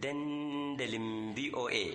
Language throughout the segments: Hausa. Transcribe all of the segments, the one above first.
dandalin VOA.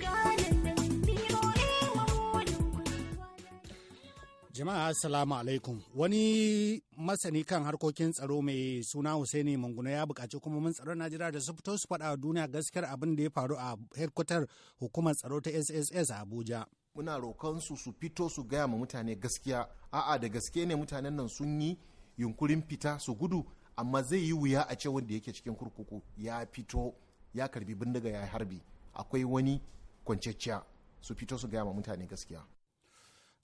Jama'a Assalamu alaikum. Wani masani kan harkokin tsaro mai suna husaini Manguna ya buƙaci hukumomin tsaron Najeriya da su fito su faɗa duniya gaskiyar abin da ya faru a hedkwatar hukumar tsaro ta SSS a Abuja. Muna roƙon su su fito su gaya ma mutane gaskiya. A'a da gaske ne mutanen nan sun yi yunkurin fita su gudu amma zai yi wuya a ce wanda yake cikin kurkuku ya fito ya karbi bindiga ya harbi akwai wani kwanciyacciya su fito su gaya ma mutane gaskiya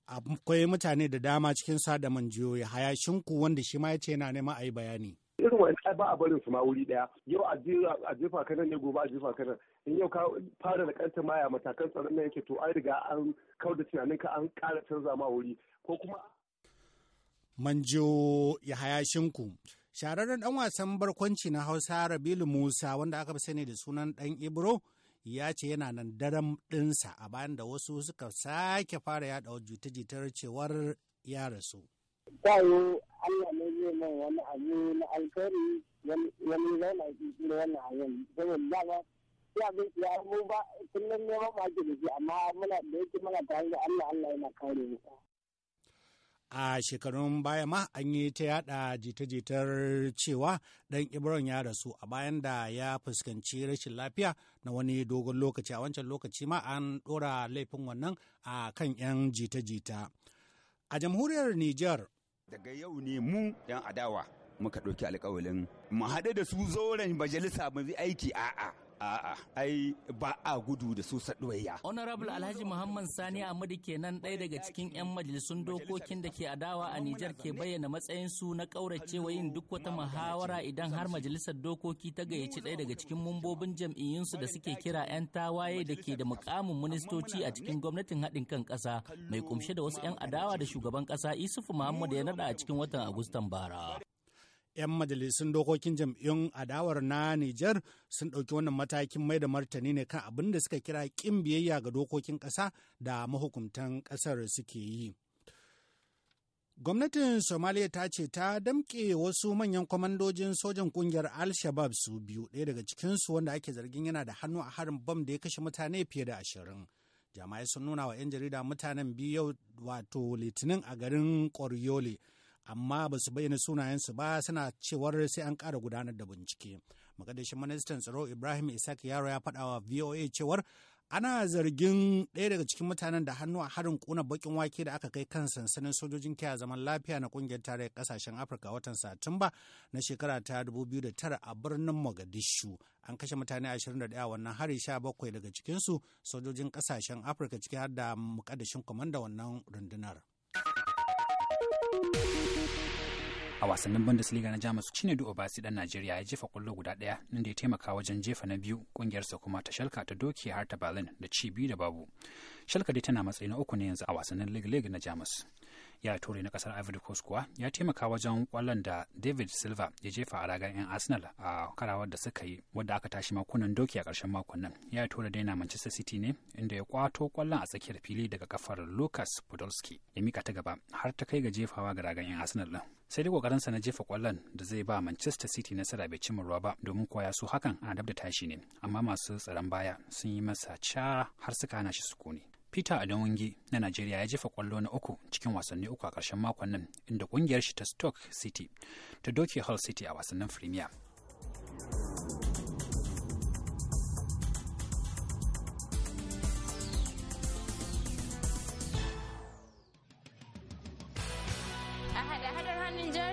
akwai mutane da dama cikin sadaman jiyoyi ku wanda shi ma ya ce yana neman a yi bayani irin wani ba a barin su ma wuri daya yau a jefa kanan ne gobe a jefa kanan in yau ka fara da kanta maya matakan tsaron nan yake to an riga an kawo da tunanin ka an kara canza ma wuri ko kuma manjo ya hayashin ku. shararren ɗan wasan barkwanci na hausa rabilu musa wanda aka fi sani da sunan ɗan ibro ya ce yana nan daren ɗinsa a bayan da wasu suka sake fara yaɗa jita-jitar cewar ya rasu. Tayo Allah ne zai mai wani abu na alkhairi wani zauna a cikin wannan abin saboda dama ya ga ya mu ba kullum neman ba ke da amma muna da yake muna tare da Allah Allah yana kare mu. a shekarun baya ma an yi ta yada jita-jitar cewa ɗan ibron ya rasu a bayan da ya fuskanci rashin lafiya na wani dogon lokaci a wancan lokaci ma an ɗora laifin wannan a kan 'yan jita-jita a jamhuriyar niger daga yau ne mu 'yan adawa muka ɗauki alkawalin mu haɗu da su zauren majalisa mu aiki a'a A'a, ai ba a gudu da su saduwayya. Honorable Alhaji Muhammad Sani Ahmadu kenan ɗaya daga cikin 'yan majalisun dokokin da ke adawa a Nijar ke bayyana matsayin su na ƙauracewa yin duk wata muhawara idan har majalisar dokoki ta gayyaci ɗaya daga cikin mumbobin jam'iyyunsu da suke kira 'yan tawaye da ke da mukamin ministoci a cikin gwamnatin haɗin kan ƙasa mai kumshe da wasu 'yan adawa da shugaban ƙasa Isufu Muhammad ya naɗa a cikin watan Agustan bara. 'yan majalisun dokokin jam'iyyun adawar na Nijar sun ɗauki wannan matakin mai da martani ne kan abin da suka kira ƙin biyayya ga dokokin ƙasa da mahukuntan ƙasar suke yi. Gwamnatin Somalia ta ce ta damƙe wasu manyan kwamandojin sojan ƙungiyar Al-Shabab su biyu, ɗaya daga cikinsu wanda ake zargin yana da hannu a harin bam da ya kashe mutane fiye da ashirin. Jama'ai sun nuna wa 'yan jarida mutanen biyu wato Litinin a garin Koryole. amma ba su bayyana sunayensu ba suna cewar sai an ƙara gudanar da bincike makadashin ministan tsaro ibrahim isaac yaro ya faɗa wa voa cewar ana zargin ɗaya daga cikin mutanen da hannu a harin kuna bakin wake da aka kai kan sansanin sojojin kiyaye zaman lafiya na kungiyar tarayyar kasashen afirka watan satumba na shekara ta 2009 a birnin mogadishu an kashe mutane 21 wannan hari 17 daga cikinsu sojojin kasashen afirka ciki har da mukaddashin kwamanda wannan rundunar a wasannin bundesliga na jamus du obasi dan najeriya ya jefa kwallo guda daya inda ya taimaka wajen jefa na biyu kungiyarsa kuma ta shalka ta doki har ta berlin da ci biyu da babu shalka dai tana matsayi na uku ne yanzu a wasannin league league na jamus ya tore na kasar ivory coast kuwa ya taimaka wajen kwallon da david silver ya jefa a ragar yan arsenal a karawar da suka yi wadda aka tashi makunan doki a karshen makon nan ya dai daina manchester city ne inda ya kwato kwallon a tsakiyar fili daga kafar lucas podolski ya mika ta gaba har ta kai ga jefawa ga ragar yan arsenal din sai dai sa na jefa kwallon da zai ba Manchester City nasara bai cimma ruwa ba domin kuwa su hakan a dab tashi ne amma masu tsaron baya sun yi masa ca har suka hana shi sukuni. Peter Adonwange na Najeriya ya jefa kwallo na uku cikin wasanni uku a ƙarshen makon nan inda ƙungiyar shi ta Stoke City ta doke Hull City a wasannin Premier.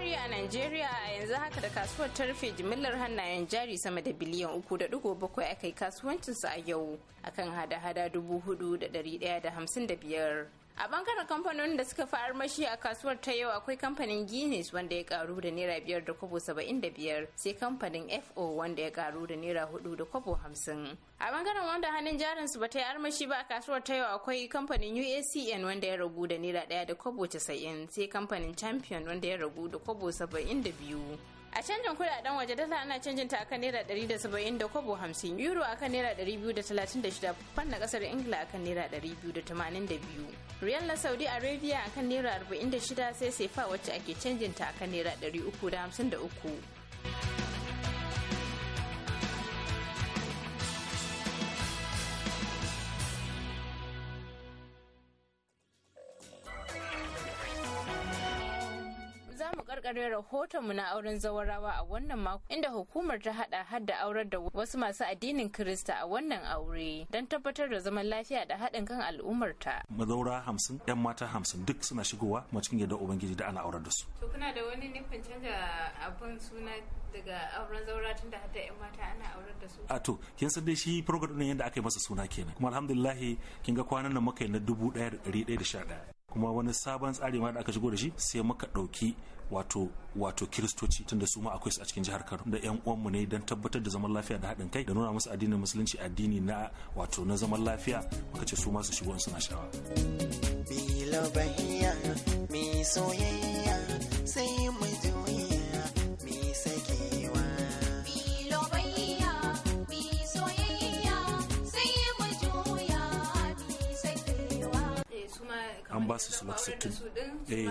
jari a Najeriya a yanzu haka da kasuwar ta rufe jimillar hannayen jari sama da biliyan uku da digo bakwai a kasuwancinsa a yau akan hada-hada dubu hudu da dari daya da hamsin da biyar. a bangaren kamfanonin da suka fi armashi a kasuwar ta yau akwai kamfanin guinness wanda ya karu da naira biyar da kobo saba'in da biyar sai kamfanin fo wanda ya karu da naira hudu da kobo hamsin a bangaren wanda hannun jarin su bata yi armashi ba a kasuwar ta yau akwai kamfanin uacn wanda ya ragu da naira daya da kobo casa'in sai kamfanin champion wanda ya ragu da kobo saba'in da biyu a canjin kudaden waje dala ana canjin ta akan naira ɗari da kobo hamsin euro akan naira da talatin 236 fan na kasar ingila akan naira da 282 riyal na saudi arabia akan naira arba'in da shida sai sefa wacce ake canjin ta akan naira da da uku. karkare rahotonmu na auren zawarawa a wannan mako inda hukumar ta hada har da aurar da wasu masu addinin Kirista a wannan aure don tabbatar da zaman lafiya da haɗin kan al'ummar ta. Mazaura hamsin, 'yan mata hamsin duk suna shigowa cikin yadda Ubangiji da ana aurar da su. To kuna da wani nufin canza abin suna daga auren zaura tun da hadda 'yan mata ana aurar da su. A to, kin san dai shi program ɗin yadda aka yi masa suna kenan. Kuma alhamdulillah kin ga kwanan nan muka yi na dubu ɗaya da ɗari ɗaya da sha ɗaya. kuma wani sabon tsari ma da aka shigo da shi sai muka ɗauki wato wato kiristoci tunda su ma akwai su a cikin jihar Kano da yan uwanmu ne don tabbatar da zaman lafiya da haɗin kai da nuna musu addinin musulunci addini na wato na zaman lafiya muka ce su ma su shigo suna shawa. mi soyayya. an ba su slot 60 eh,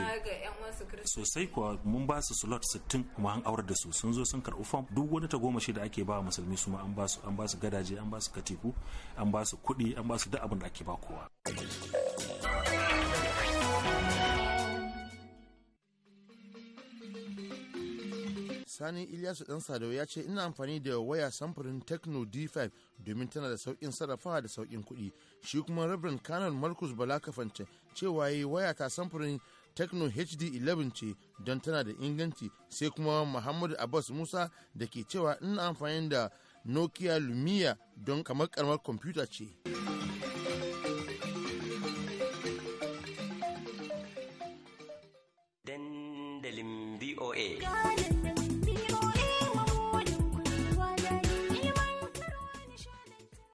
sosai kuwa mun ba su slot 60 kuma an aurar da su sun zo sun karɓi fam duk wani tagomashi da ake ba musulmi su ma an ba su an ba su gadaje an ba su katiku an ba su kuɗi an ba su duk abin da ake ba kowa Sani Ilyasu Dan Sadau ya ce ina amfani da waya samfurin Tecno D5 domin tana da sauƙin sarrafawa da sauƙin kuɗi. Shi kuma Reverend Kanon Marcus Bala cewa yi waya ta samfurin Tecno HD 11 ce don tana da inganci sai kuma Muhammadu Abbas Musa da ke cewa ina amfani da Nokia Lumia don kamar karamar kwamfuta ce. dandalin VOA.